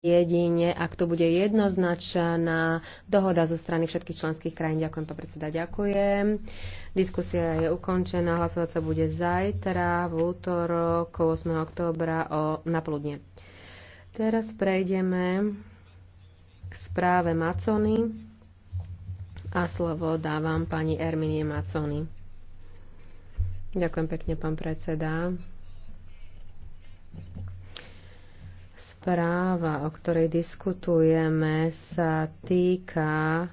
jedine, ak to bude jednoznačná dohoda zo strany všetkých členských krajín. Ďakujem, pán predseda, ďakujem. Diskusia je ukončená, hlasovať sa bude zajtra, v útorok 8. októbra o, napoludne. Teraz prejdeme k správe Macony a slovo dávam pani Erminie Macony. Ďakujem pekne, pán predseda. správa, o ktorej diskutujeme, sa týka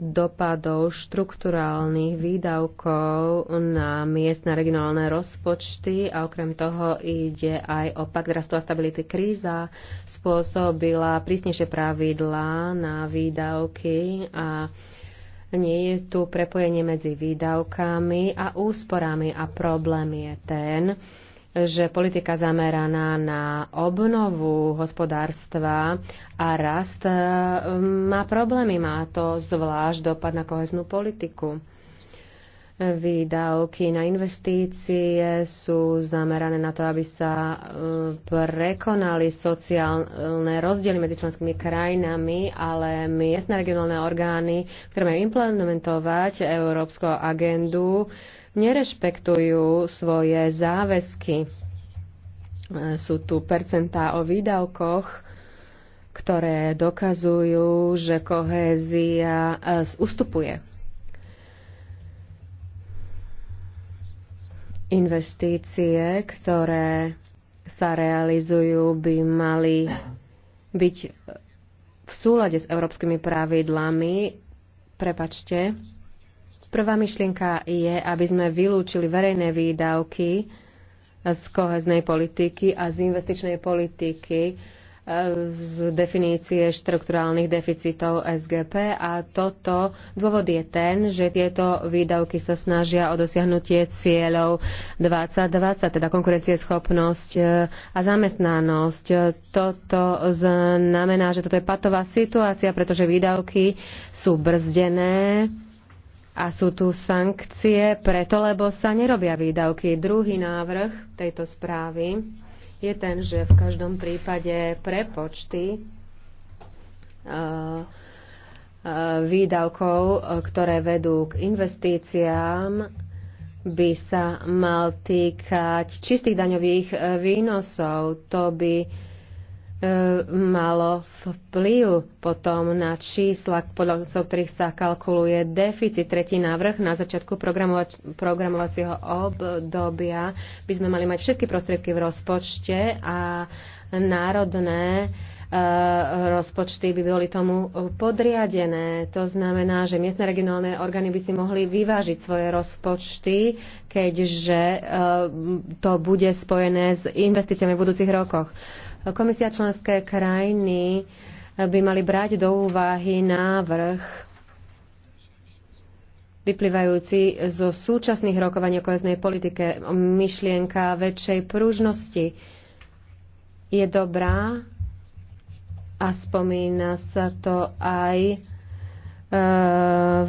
dopadov štrukturálnych výdavkov na miest na regionálne rozpočty a okrem toho ide aj o pakt rastu a stability kríza spôsobila prísnejšie pravidlá na výdavky a nie je tu prepojenie medzi výdavkami a úsporami a problém je ten, že politika zameraná na obnovu hospodárstva a rast e, má problémy. Má to zvlášť dopad na koheznú politiku. Výdavky na investície sú zamerané na to, aby sa e, prekonali sociálne rozdiely medzi členskými krajinami, ale miestne regionálne orgány, ktoré majú implementovať európsku agendu, nerešpektujú svoje záväzky. E, sú tu percentá o výdavkoch, ktoré dokazujú, že kohézia e, ustupuje. Investície, ktoré sa realizujú, by mali byť v súlade s európskymi pravidlami. Prepačte, Prvá myšlienka je, aby sme vylúčili verejné výdavky z koheznej politiky a z investičnej politiky e, z definície štrukturálnych deficitov SGP a toto dôvod je ten, že tieto výdavky sa snažia o dosiahnutie cieľov 2020, teda konkurencieschopnosť e, a zamestnanosť. E, toto znamená, že toto je patová situácia, pretože výdavky sú brzdené a sú tu sankcie preto, lebo sa nerobia výdavky. Druhý návrh tejto správy je ten, že v každom prípade prepočty e, e, výdavkov, ktoré vedú k investíciám, by sa mal týkať čistých daňových e, výnosov. To by E, malo vplyv potom na čísla, podľa ktorých sa kalkuluje deficit. Tretí návrh na začiatku programovacieho obdobia by sme mali mať všetky prostriedky v rozpočte a národné e, rozpočty by boli tomu podriadené. To znamená, že miestne regionálne orgány by si mohli vyvážiť svoje rozpočty, keďže e, to bude spojené s investíciami v budúcich rokoch. Komisia členské krajiny by mali brať do úvahy návrh vyplývajúci zo súčasných rokovaní o koheznej politike. Myšlienka väčšej pružnosti je dobrá a spomína sa to aj e,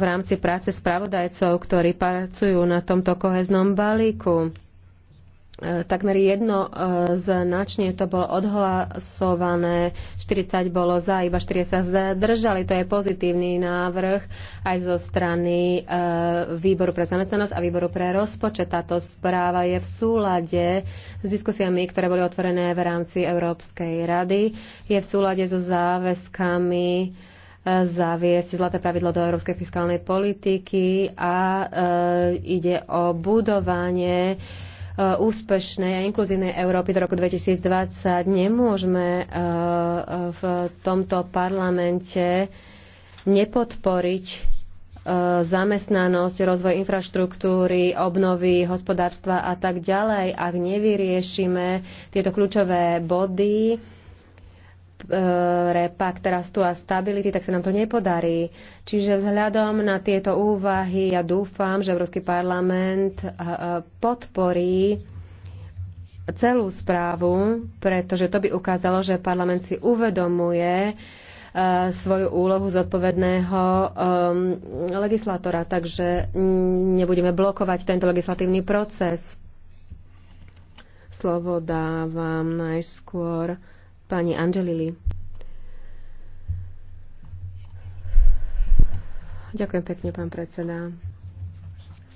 v rámci práce spravodajcov, ktorí pracujú na tomto koheznom balíku. E, takmer jedno e, značne to bolo odhlasované, 40 bolo za, iba 40 sa zdržali, to je pozitívny návrh aj zo strany e, výboru pre zamestnanosť a výboru pre rozpočet. Táto správa je v súlade s diskusiami, ktoré boli otvorené v rámci Európskej rady, je v súlade so záväzkami zaviesť zlaté pravidlo do európskej fiskálnej politiky a e, ide o budovanie Eh, úspešnej a inkluzívnej Európy do roku 2020. Nemôžeme eh, eh, v tomto parlamente nepodporiť zamestnanosť, rozvoj infraštruktúry, obnovy hospodárstva a tak ďalej, ak nevyriešime tieto kľúčové body E, repak teraz tu a stability, tak sa nám to nepodarí. Čiže vzhľadom na tieto úvahy ja dúfam, že Európsky parlament e, e, podporí celú správu, pretože to by ukázalo, že parlament si uvedomuje svoju úlohu zodpovedného legislátora. Takže nebudeme blokovať tento legislatívny proces. Slovo dávam najskôr pani Angelili. Ďakujem pekne, pán predseda.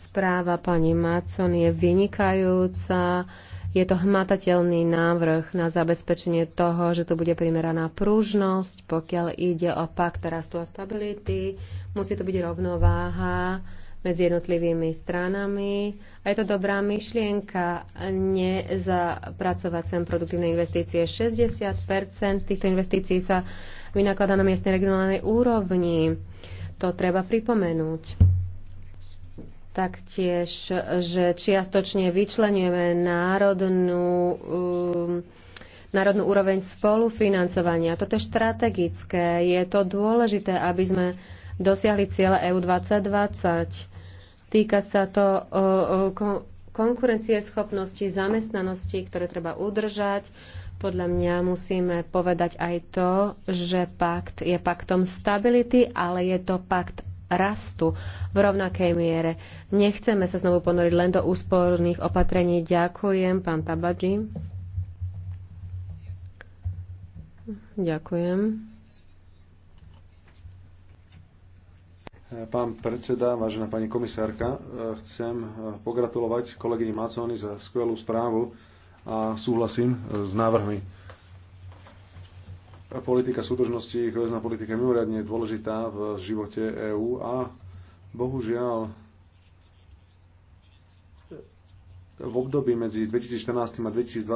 Správa pani Macon je vynikajúca. Je to hmatateľný návrh na zabezpečenie toho, že tu bude primeraná pružnosť, pokiaľ ide o pakt rastu a stability. Musí to byť rovnováha medzi jednotlivými stranami. A je to dobrá myšlienka nezapracovať sem produktívne investície. 60 z týchto investícií sa vynakladá na miestnej regionálnej úrovni. To treba pripomenúť. Taktiež, že čiastočne vyčlenujeme národnú um, národnú úroveň spolufinancovania. Toto je strategické. Je to dôležité, aby sme dosiahli cieľe EU 2020. Týka sa to konkurencie schopnosti, zamestnanosti, ktoré treba udržať. Podľa mňa musíme povedať aj to, že pakt je paktom stability, ale je to pakt rastu v rovnakej miere. Nechceme sa znovu ponoriť len do úsporných opatrení. Ďakujem, pán Tabadži. Ďakujem. Pán predseda, vážená pani komisárka, e, chcem e, pogratulovať kolegyni Maconi za skvelú správu a súhlasím e, s návrhmi. Politika súdržnosti, kohezná politika je mimoriadne dôležitá v živote EÚ a bohužiaľ v období medzi 2014 a 2020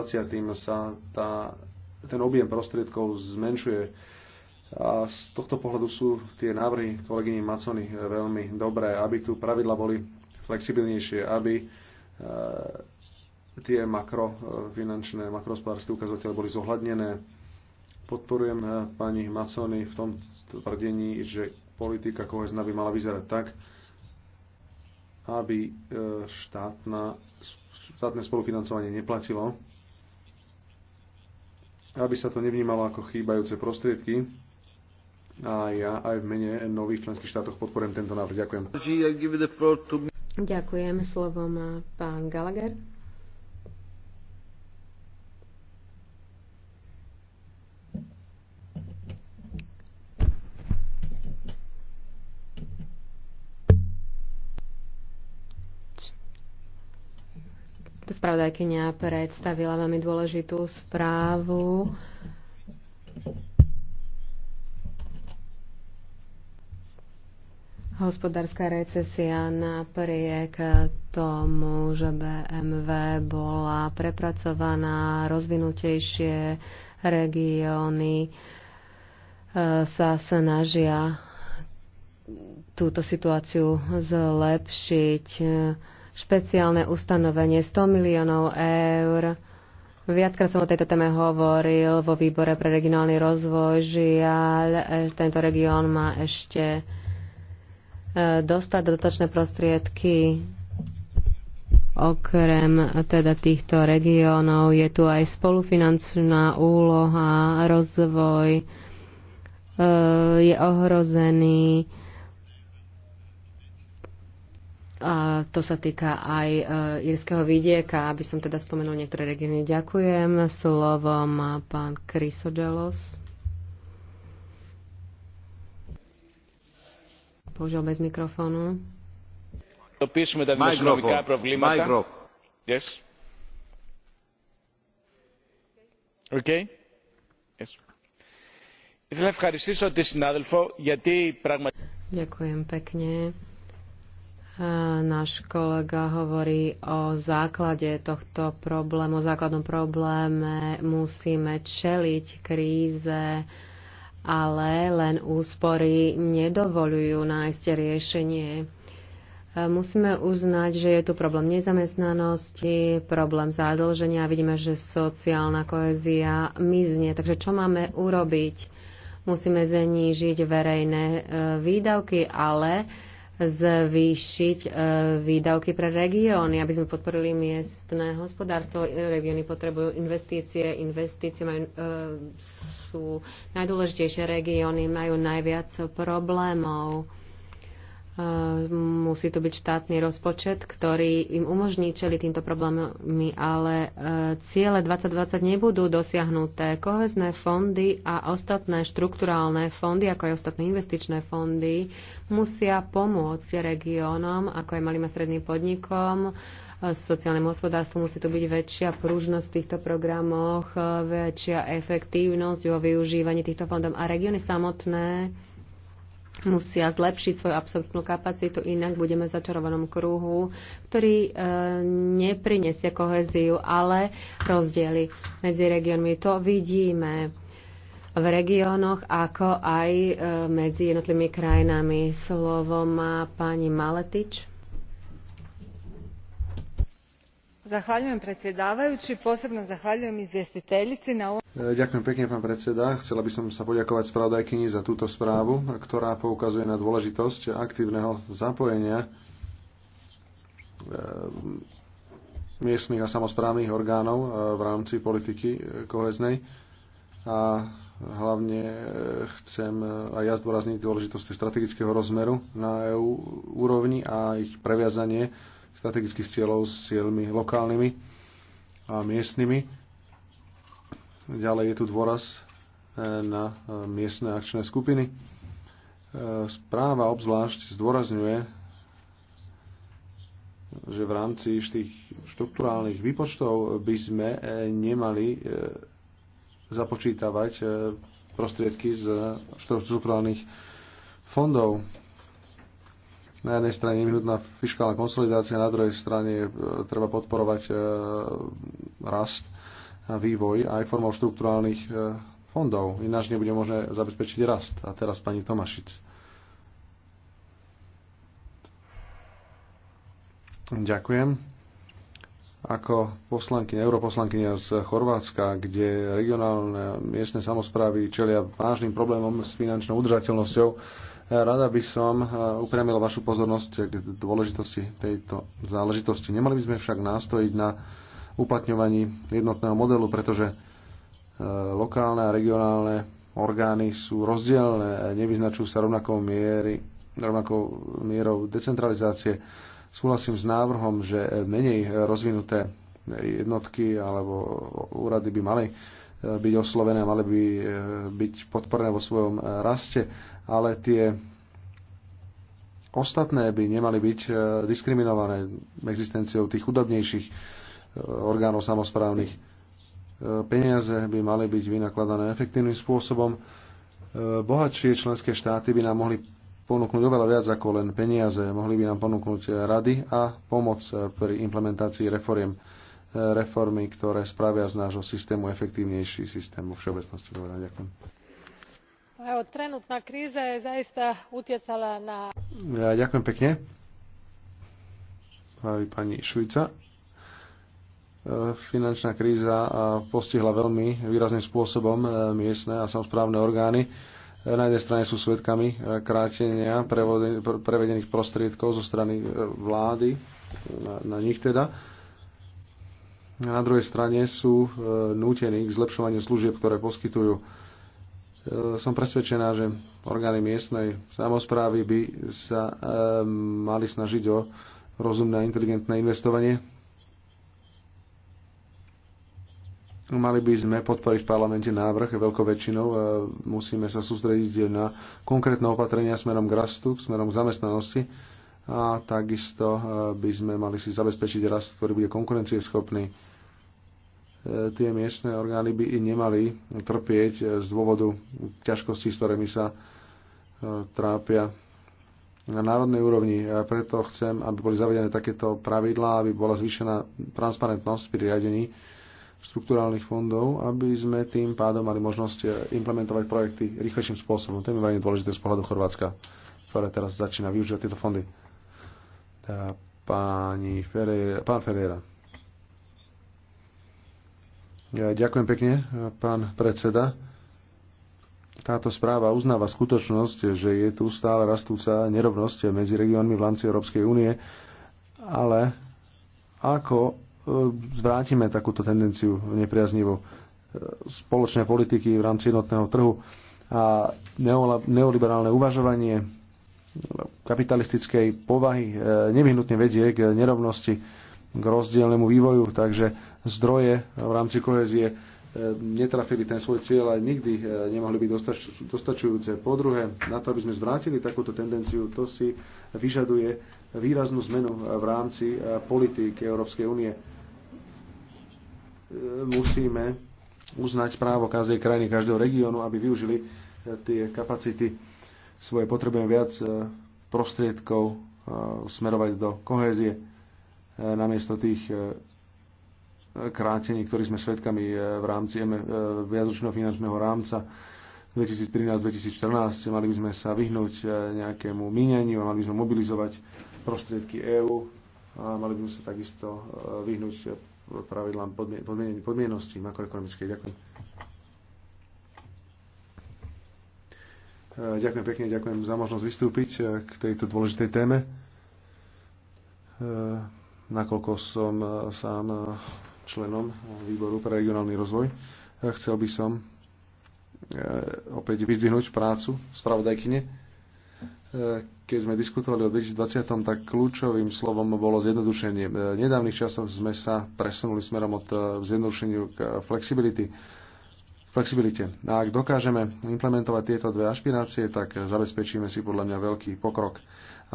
sa tá, ten objem prostriedkov zmenšuje a z tohto pohľadu sú tie návrhy kolegyni Macony veľmi dobré, aby tu pravidla boli flexibilnejšie, aby e, tie makrofinančné, makrospodárske ukazovatele boli zohľadnené. Podporujem e, pani Macony v tom tvrdení, že politika kohezna by mala vyzerať tak, aby e, štátna, štátne spolufinancovanie neplatilo, aby sa to nevnímalo ako chýbajúce prostriedky, a ja aj v mene nových členských štátoch podporujem tento návrh. Ďakujem. Ďakujem. Slovo má pán Gallagher. Spravodajkynia predstavila veľmi dôležitú správu. hospodárska recesia napriek tomu, že BMW bola prepracovaná, rozvinutejšie regióny e, sa snažia túto situáciu zlepšiť. Špeciálne ustanovenie 100 miliónov eur. Viackrát som o tejto téme hovoril vo výbore pre regionálny rozvoj. Žiaľ, e, tento región má ešte dostať dotačné prostriedky Okrem teda týchto regiónov je tu aj spolufinančná úloha, rozvoj e, je ohrozený a to sa týka aj e, írskeho vidieka, aby som teda spomenul niektoré regióny. Ďakujem. Slovo má pán Krysodelos. bohužiaľ bez mikrofónu. Mikrofón. Yes. Okay. Yes. Ďakujem pekne. Náš kolega hovorí o základe tohto problému, o základnom probléme. Musíme čeliť kríze ale len úspory nedovolujú nájsť riešenie. E, musíme uznať, že je tu problém nezamestnanosti, problém zadlženia, vidíme, že sociálna kohezia mizne. Takže čo máme urobiť? Musíme znížiť verejné e, výdavky, ale zvýšiť e, výdavky pre regióny, aby sme podporili miestne hospodárstvo. Regióny potrebujú investície, investície majú, e, sú najdôležitejšie regióny, majú najviac problémov Eh, musí to byť štátny rozpočet, ktorý im umožní čeliť týmto problémami, ale eh, ciele 2020 nebudú dosiahnuté. Kohezné fondy a ostatné štrukturálne fondy, ako aj ostatné investičné fondy, musia pomôcť regiónom, ako aj malým a stredným podnikom, eh, sociálnemu hospodárstvu musí tu byť väčšia pružnosť v týchto programoch, väčšia efektívnosť vo využívaní týchto fondov a regióny samotné musia zlepšiť svoju absolútnu kapacitu, inak budeme v začarovanom kruhu, ktorý e, neprinesie koheziu, ale rozdiely medzi regiónmi. To vidíme v regiónoch, ako aj e, medzi jednotlivými krajinami. Slovo má pani Maletič. Zahvaljujem predsjedavajući, posebno zahvaljujem izvjestiteljici na ovom... E, ďakujem pekne, pán predseda. Chcela by som sa poďakovať spravodajkyni za túto správu, ktorá poukazuje na dôležitosť aktívneho zapojenia e, miestnych a samozprávnych orgánov e, v rámci politiky koheznej a hlavne chcem aj ja zdôrazniť dôležitosť strategického rozmeru na EU úrovni a ich previazanie strategických cieľov s cieľmi lokálnymi a miestnymi. Ďalej je tu dôraz e, na e, miestne akčné skupiny. E, správa obzvlášť zdôrazňuje že v rámci tých štruktúrálnych výpočtov by sme nemali započítavať prostriedky z štruktúrálnych fondov na jednej strane nevyhnutná fiskálna konsolidácia, na druhej strane e, treba podporovať e, rast a vývoj aj formou štruktúrálnych e, fondov. Ináč nebude možné zabezpečiť rast. A teraz pani Tomašic. Ďakujem. Ako poslankyňa, europoslankyňa z Chorvátska, kde regionálne miestne samozprávy čelia vážnym problémom s finančnou udržateľnosťou, Rada by som e, upriamil vašu pozornosť k dôležitosti tejto záležitosti. Nemali by sme však nástojiť na uplatňovaní jednotného modelu, pretože e, lokálne a regionálne orgány sú rozdielne, nevyznačujú sa rovnakou, miery, rovnakou mierou decentralizácie. Súhlasím s návrhom, že menej rozvinuté jednotky alebo úrady by mali byť oslovené, mali by e, byť podporné vo svojom e, raste, ale tie ostatné by nemali byť e, diskriminované existenciou tých chudobnejších orgánov samozprávnych. Peniaze by mali byť vynakladané efektívnym spôsobom. Bohatšie členské štáty by nám mohli ponúknuť oveľa viac ako len peniaze. Mohli by nám ponúknuť rady a pomoc pri implementácii reforiem reformy, ktoré spravia z nášho systému efektívnejší systém vo všeobecnosti. Ďakujem. Evo, trenutná kríza je zaista utiecala na... Ja, ďakujem pekne. Pani Švica e, finančná kríza e, postihla veľmi výrazným spôsobom e, miestne a samozprávne orgány. Na jednej strane sú svedkami krátenia prevedených prostriedkov zo strany vlády, na, na nich teda na druhej strane sú e, nútení k zlepšovaniu služieb, ktoré poskytujú. E, som presvedčená, že orgány miestnej samozprávy by sa e, mali snažiť o rozumné a inteligentné investovanie. Mali by sme podporiť v parlamente návrh veľkou väčšinou. Musíme sa sústrediť na konkrétne opatrenia smerom k rastu, smerom k zamestnanosti a takisto by sme mali si zabezpečiť rast, ktorý bude konkurencieschopný E, tie miestne orgány by i nemali trpieť e, z dôvodu ťažkostí, s ktorými sa e, trápia na národnej úrovni. A preto chcem, aby boli zavedené takéto pravidlá, aby bola zvýšená transparentnosť pri riadení štruktúrálnych fondov, aby sme tým pádom mali možnosť implementovať projekty rýchlejším spôsobom. To je veľmi dôležité z pohľadu Chorvátska, ktoré teraz začína využívať tieto fondy. Tá, páni Ferreira, pán Ferreira. Ďakujem pekne, pán predseda. Táto správa uznáva skutočnosť, že je tu stále rastúca nerovnosť medzi regiónmi v rámci Európskej únie, ale ako e, zvrátime takúto tendenciu nepriaznivú e, spoločné politiky v rámci jednotného trhu a neoliberálne uvažovanie kapitalistickej povahy e, nevyhnutne vedie k nerovnosti, k rozdielnemu vývoju, takže zdroje v rámci kohezie e, netrafili ten svoj cieľ a nikdy e, nemohli byť dostačujúce. Po druhé, na to, aby sme zvrátili takúto tendenciu, to si vyžaduje výraznú zmenu v rámci e, politík Európskej únie. Musíme uznať právo každej krajiny, každého regiónu, aby využili tie kapacity svoje. Potrebujem viac prostriedkov smerovať do kohézie namiesto tých krátení, ktorí sme svedkami eh, v rámci eh, viacročného finančného rámca 2013-2014. Mali by sme sa vyhnúť eh, nejakému míňaniu a mali by sme mobilizovať prostriedky EÚ a mali by sme sa takisto vyhnúť pravidlám podmien- podmienosti makroekonomickej. Ďakujem. Ďakujem pekne, ďakujem za možnosť vystúpiť k tejto dôležitej téme nakoľko som sám členom výboru pre regionálny rozvoj. Chcel by som eh, opäť vyzdvihnúť prácu spravodajkyne. Eh, keď sme diskutovali o 2020, tak kľúčovým slovom bolo zjednodušenie. V eh, nedávnych časoch sme sa presunuli smerom od zjednodušeniu k flexibility. Flexibilite. A ak dokážeme implementovať tieto dve ašpirácie, tak zabezpečíme si podľa mňa veľký pokrok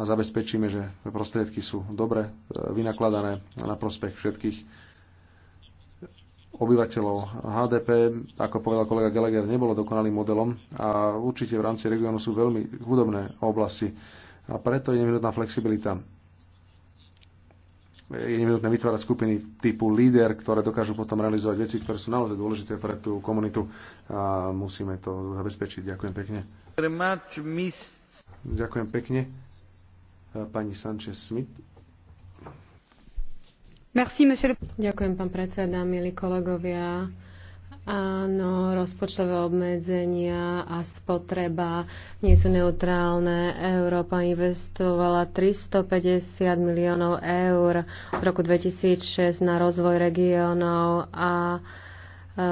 a zabezpečíme, že prostriedky sú dobre vynakladané na prospech všetkých obyvateľov. HDP, ako povedal kolega Gallagher, nebolo dokonalým modelom a určite v rámci regiónu sú veľmi chudobné oblasti a preto je nevyhnutná flexibilita. Je nevyhnutné vytvárať skupiny typu líder, ktoré dokážu potom realizovať veci, ktoré sú naozaj dôležité pre tú komunitu a musíme to zabezpečiť. Ďakujem pekne. Ďakujem pekne. Pani Sanchez-Smith. Ďakujem, pán predseda, milí kolegovia. Áno, rozpočtové obmedzenia a spotreba nie sú neutrálne. Európa investovala 350 miliónov eur od roku 2006 na rozvoj regiónov a e,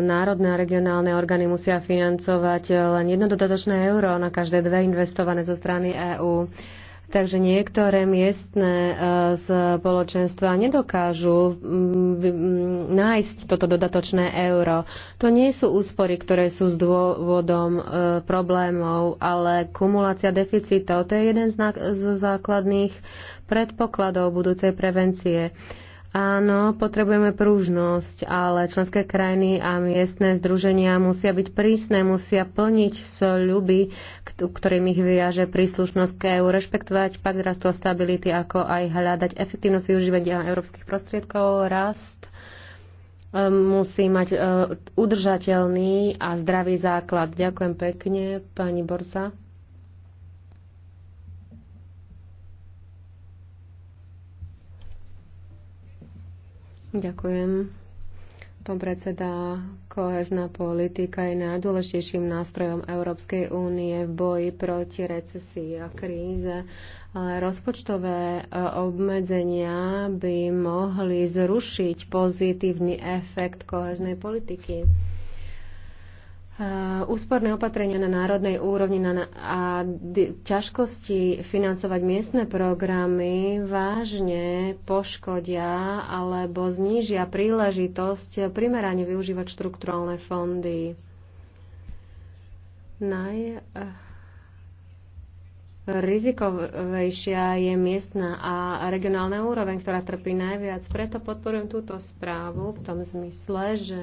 národné a regionálne orgány musia financovať len jedno dodatočné euro na každé dve investované zo strany EÚ. Takže niektoré miestne e, spoločenstva nedokážu nájsť toto dodatočné euro. To nie sú úspory, ktoré sú s dôvodom e, problémov, ale kumulácia deficitov. To je jeden z základných predpokladov budúcej prevencie. Áno, potrebujeme prúžnosť, ale členské krajiny a miestne združenia musia byť prísne, musia plniť sľuby, ktorým ich vyjaže príslušnosť k EU, rešpektovať pak rastu a stability, ako aj hľadať efektívnosť využívania európskych prostriedkov, rast ehm, musí mať ehm, udržateľný a zdravý základ. Ďakujem pekne, pani Borsa. Ďakujem. Pán predseda, kohezná politika je najdôležitejším nástrojom Európskej únie v boji proti recesii a kríze, ale rozpočtové e, obmedzenia by mohli zrušiť pozitívny efekt koheznej politiky. Eh, úsporné opatrenia na národnej úrovni na, a ťažkosti financovať miestne programy vážne poškodia alebo znížia príležitosť primerane využívať štrukturálne fondy. Naj, eh, rizikovejšia je miestna a regionálna úroveň, ktorá trpí najviac. Preto podporujem túto správu v tom zmysle, že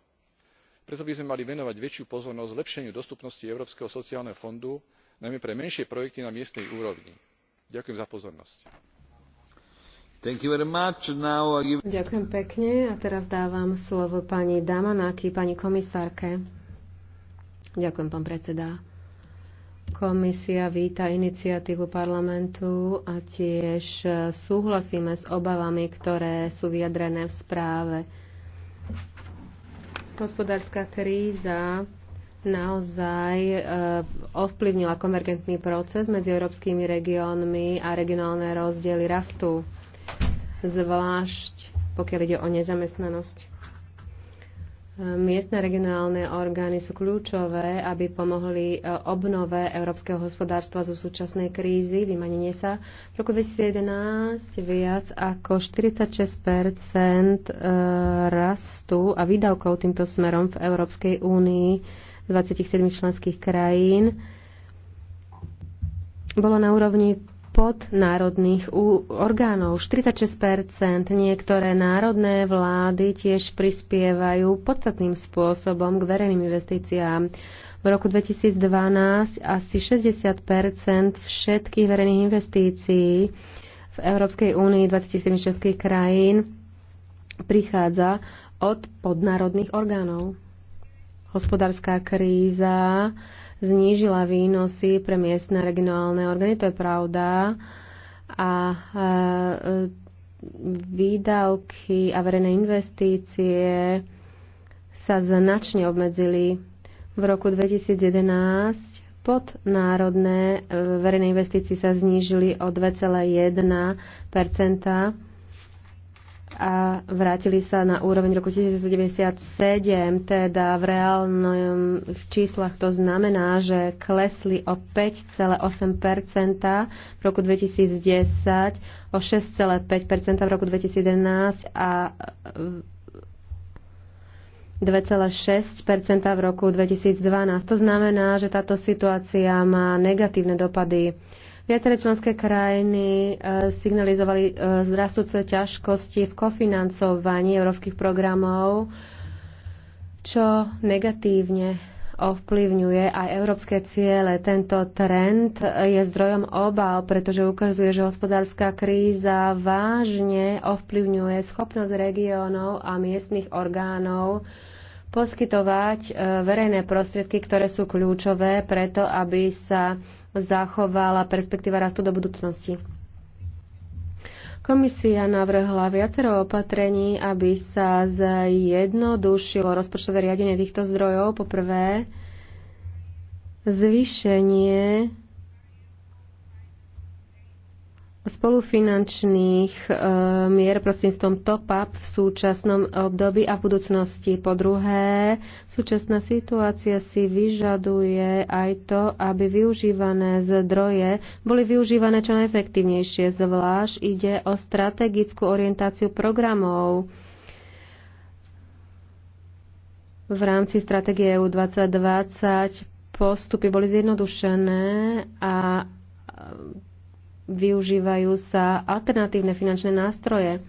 preto by sme mali venovať väčšiu pozornosť zlepšeniu dostupnosti európskeho sociálneho fondu najmä pre menšie projekty na miestnej úrovni. ďakujem za pozornosť. ďakujem pekne a teraz dávam slovo pani damanaki pani komisárke. ďakujem pán predseda. Komisia víta iniciatívu parlamentu a tiež súhlasíme s obavami, ktoré sú vyjadrené v správe. Hospodárska kríza naozaj e, ovplyvnila konvergentný proces medzi európskymi regiónmi a regionálne rozdiely rastú, zvlášť pokiaľ ide o nezamestnanosť. Miestne regionálne orgány sú kľúčové, aby pomohli e, obnove európskeho hospodárstva zo súčasnej krízy, vymanenie sa. V roku 2011 viac ako 46 e, rastu a výdavkov týmto smerom v Európskej únii 27 členských krajín bolo na úrovni podnárodných orgánov. 46 niektoré národné vlády tiež prispievajú podstatným spôsobom k verejným investíciám. V roku 2012 asi 60 všetkých verejných investícií v Európskej únii 27 českých krajín prichádza od podnárodných orgánov. Hospodárska kríza znížila výnosy pre miestne regionálne orgány. To je pravda. A e, výdavky a verejné investície sa značne obmedzili v roku 2011 podnárodné e, verejné investície sa znížili o 2,1 a vrátili sa na úroveň roku 1997, teda v reálnom číslach to znamená, že klesli o 5,8% v roku 2010, o 6,5% v roku 2011 a 2,6 v roku 2012. To znamená, že táto situácia má negatívne dopady Viaceré členské krajiny e, signalizovali e, zrastúce ťažkosti v kofinancovaní európskych programov, čo negatívne ovplyvňuje aj európske ciele. Tento trend je zdrojom obav, pretože ukazuje, že hospodárska kríza vážne ovplyvňuje schopnosť regiónov a miestnych orgánov poskytovať e, verejné prostriedky, ktoré sú kľúčové preto, aby sa zachovala perspektíva rastu do budúcnosti. Komisia navrhla viacero opatrení, aby sa zjednodušilo rozpočtové riadenie týchto zdrojov. Poprvé, zvýšenie spolufinančných eh, mier prostredníctvom top-up v súčasnom období a v budúcnosti. Po druhé, súčasná situácia si vyžaduje aj to, aby využívané zdroje boli využívané čo najefektívnejšie. Zvlášť ide o strategickú orientáciu programov v rámci stratégie EU 2020 postupy boli zjednodušené a využívajú sa alternatívne finančné nástroje.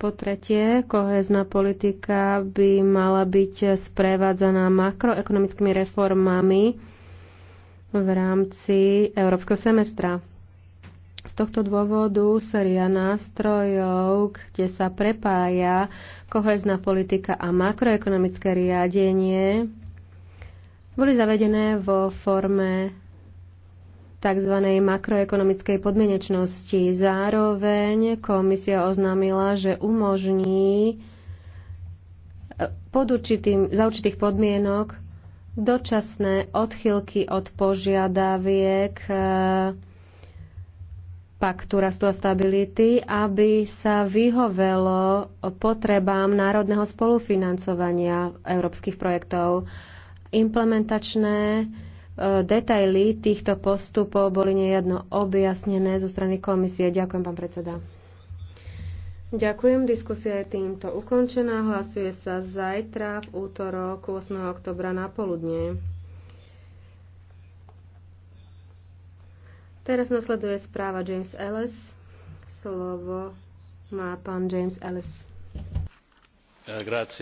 Po tretie, kohezná politika by mala byť sprevádzaná makroekonomickými reformami v rámci európskeho semestra. Z tohto dôvodu séria nástrojov, kde sa prepája kohezná politika a makroekonomické riadenie, boli zavedené vo forme tzv. makroekonomickej podmienečnosti. Zároveň komisia oznámila, že umožní e, pod určitým, za určitých podmienok dočasné odchylky od požiadaviek e, paktu rastu a stability, aby sa vyhovelo potrebám národného spolufinancovania európskych projektov. Implementačné Eh, detaily týchto postupov boli nejedno objasnené zo strany komisie. Ďakujem, pán predseda. Ďakujem, diskusia je týmto ukončená. Hlasuje sa zajtra v útorok 8. oktobra na poludne. Teraz nasleduje správa James Ellis. Slovo má pán James Ellis. Eh, grazie.